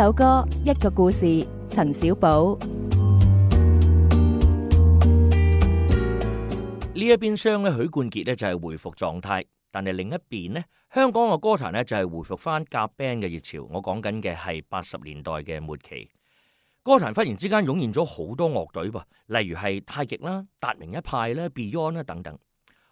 首歌一個故事，陳少寶。呢一邊廂咧，許冠傑咧就係回復狀態，但係另一邊咧，香港嘅歌壇咧就係回復翻夾 band 嘅熱潮。我講緊嘅係八十年代嘅末期，歌壇忽然之間湧現咗好多樂隊噃，例如係太極啦、達明一派咧、Beyond 啦等等。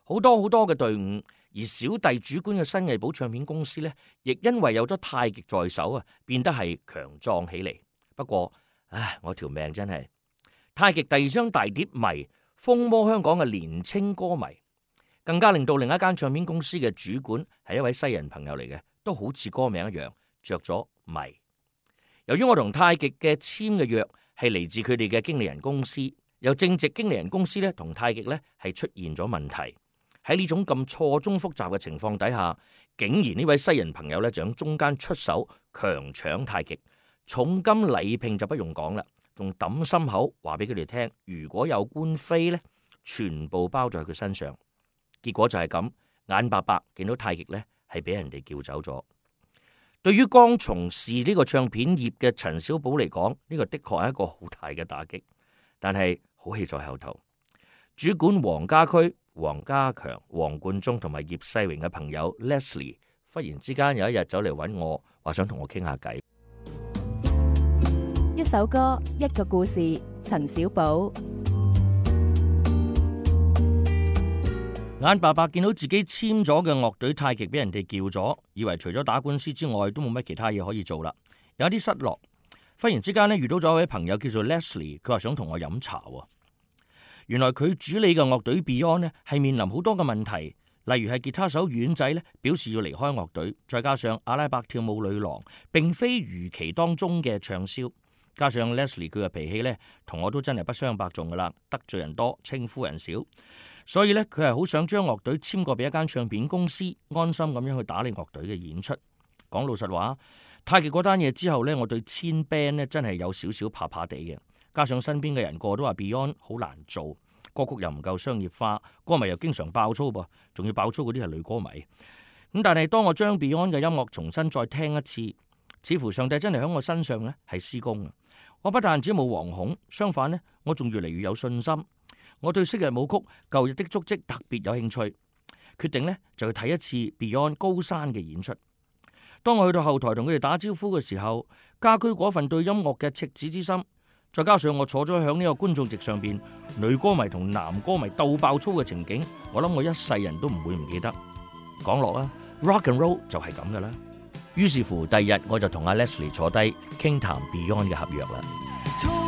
好多好多嘅隊伍，而小弟主管嘅新藝寶唱片公司呢，亦因為有咗太極在手啊，變得係強壯起嚟。不過，唉，我條命真係太極第二張大碟迷，風魔香港嘅年青歌迷，更加令到另一間唱片公司嘅主管係一位西人朋友嚟嘅，都好似歌名一樣着咗迷。由於我同太極嘅簽嘅約係嚟自佢哋嘅經理人公司，由正值經理人公司咧同太極咧係出現咗問題。喺呢種咁錯綜複雜嘅情況底下，竟然呢位西人朋友咧就喺中間出手強搶太極，重金禮聘就不用講啦，仲抌心口話俾佢哋聽，如果有官非咧，全部包在佢身上。結果就係咁，眼白白見到太極咧係俾人哋叫走咗。對於剛從事呢個唱片業嘅陳少寶嚟講，呢個的確係一個好大嘅打擊，但係好戲在後頭。主管黃家駒。黃家強、黃冠中同埋葉世榮嘅朋友 Leslie，忽然之間有一日走嚟揾我，話想同我傾下偈。一首歌，一個故事。陳小寶，眼白白見到自己簽咗嘅樂隊太極俾人哋叫咗，以為除咗打官司之外，都冇乜其他嘢可以做啦，有啲失落。忽然之間咧，遇到咗一位朋友叫做 Leslie，佢話想同我飲茶喎。原來佢主理嘅樂隊 Beyond 呢，係面臨好多嘅問題，例如係吉他手丸仔呢，表示要離開樂隊，再加上阿拉伯跳舞女郎並非如期當中嘅暢銷，加上 Leslie 佢嘅脾氣呢，同我都真係不相伯仲噶啦，得罪人多，稱呼人少，所以呢，佢係好想將樂隊簽過俾一間唱片公司，安心咁樣去打理樂隊嘅演出。講老實話，太極嗰單嘢之後呢，我對簽 Band 呢真係有少少怕怕地嘅。加上身邊嘅人個個都話 Beyond 好難做，歌曲又唔夠商業化，歌迷又經常爆粗噃，仲要爆粗嗰啲係女歌迷。咁但係當我將 Beyond 嘅音樂重新再聽一次，似乎上帝真係喺我身上咧係施工啊！我不但止冇惶恐，相反呢，我仲越嚟越有信心。我對昔日舞曲《舊日的足跡》特別有興趣，決定呢就去睇一次 Beyond 高山嘅演出。當我去到後台同佢哋打招呼嘅時候，家駒嗰份對音樂嘅赤子之心。再加上我坐咗喺呢個觀眾席上邊，女歌迷同男歌迷鬥爆粗嘅情景，我諗我一世人都唔會唔記得。講落啦，Rock and Roll 就係咁噶啦。於是乎，第二日我就同阿 Leslie 坐低傾談 Beyond 嘅合約啦。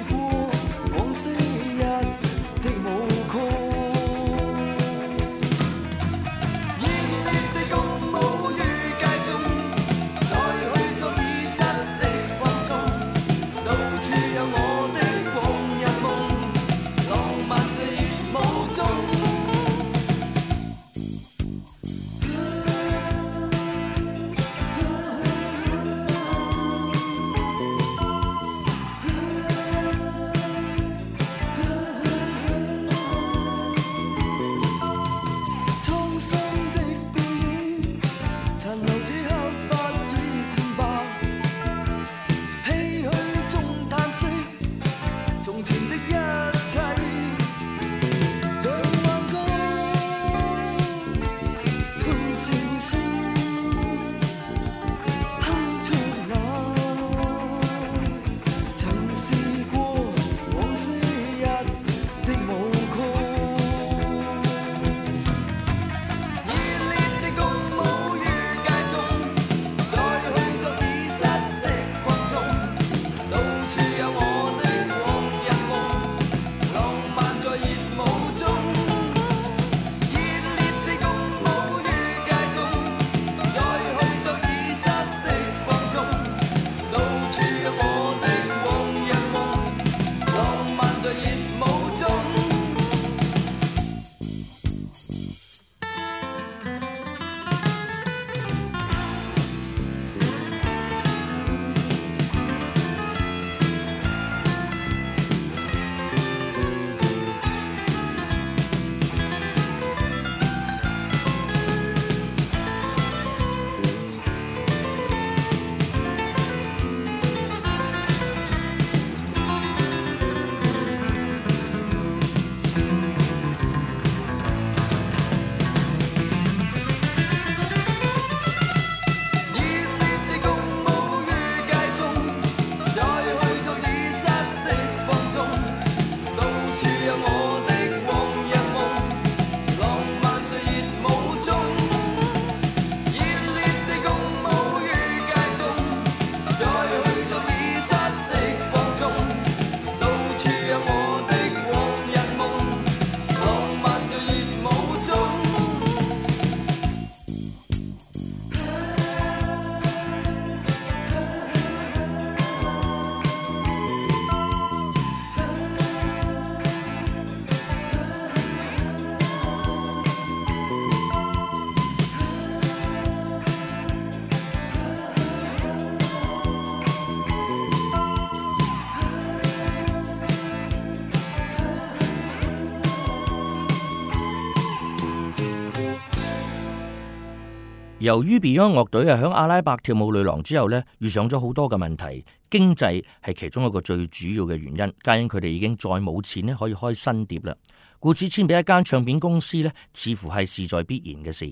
由於 Beyond 樂隊喺《阿拉伯跳舞女郎》之後咧，遇上咗好多嘅問題，經濟係其中一個最主要嘅原因，皆因佢哋已經再冇錢咧可以開新碟啦，故此簽俾一間唱片公司呢，似乎係事在必然嘅事。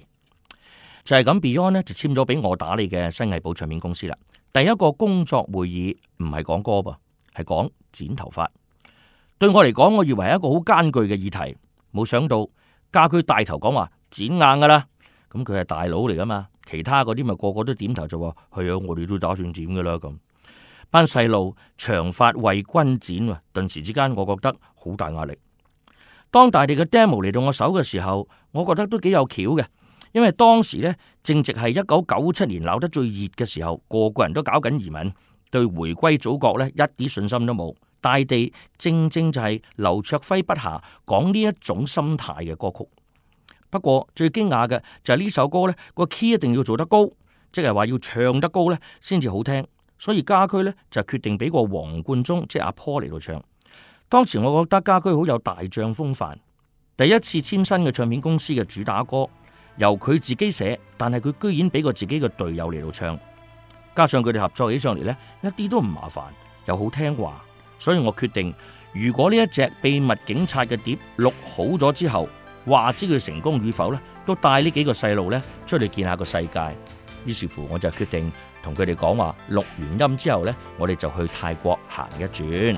就係、是、咁，Beyond 呢就簽咗俾我打理嘅新藝寶唱片公司啦。第一個工作會議唔係講歌噃，係講剪頭髮。對我嚟講，我以為係一個好艱巨嘅議題，冇想到家駒帶頭講話剪硬噶啦。咁佢係大佬嚟噶嘛？其他嗰啲咪個個都點頭就話：係啊，我哋都打算剪噶啦。咁班細路長髮為君剪啊！頓時之間，我覺得好大壓力。當大地嘅 demo 嚟到我手嘅時候，我覺得都幾有橋嘅，因為當時呢，正值係一九九七年鬧得最熱嘅時候，個個人都搞緊移民，對回歸祖國呢，一啲信心都冇。大地正正就係劉卓輝筆下講呢一種心態嘅歌曲。不過最驚訝嘅就係呢首歌呢個 key 一定要做得高，即係話要唱得高咧先至好聽。所以家駒呢，就決定俾個黃貫中即係阿 Paul 嚟到唱。當時我覺得家駒好有大將風範，第一次簽新嘅唱片公司嘅主打歌，由佢自己寫，但係佢居然俾個自己嘅隊友嚟到唱，加上佢哋合作起上嚟呢，一啲都唔麻煩，又好聽話，所以我決定，如果呢一隻秘密警察嘅碟錄好咗之後，話知佢成功與否咧，都帶呢幾個細路咧出嚟見下個世界。於是乎，我就決定同佢哋講話錄完音之後咧，我哋就去泰國行一轉。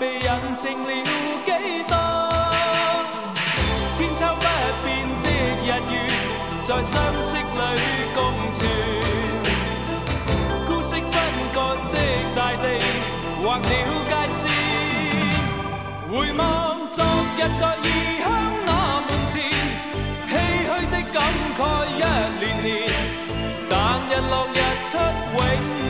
被引證了幾多？千秋不變的日月，在相識裏共存。孤色分割的大地，劃了界線。回望昨日在異鄉那門前，唏噓的感慨一年年。但日落日出永。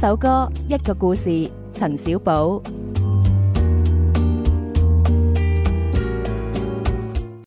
首歌，一個故事，陳小寶。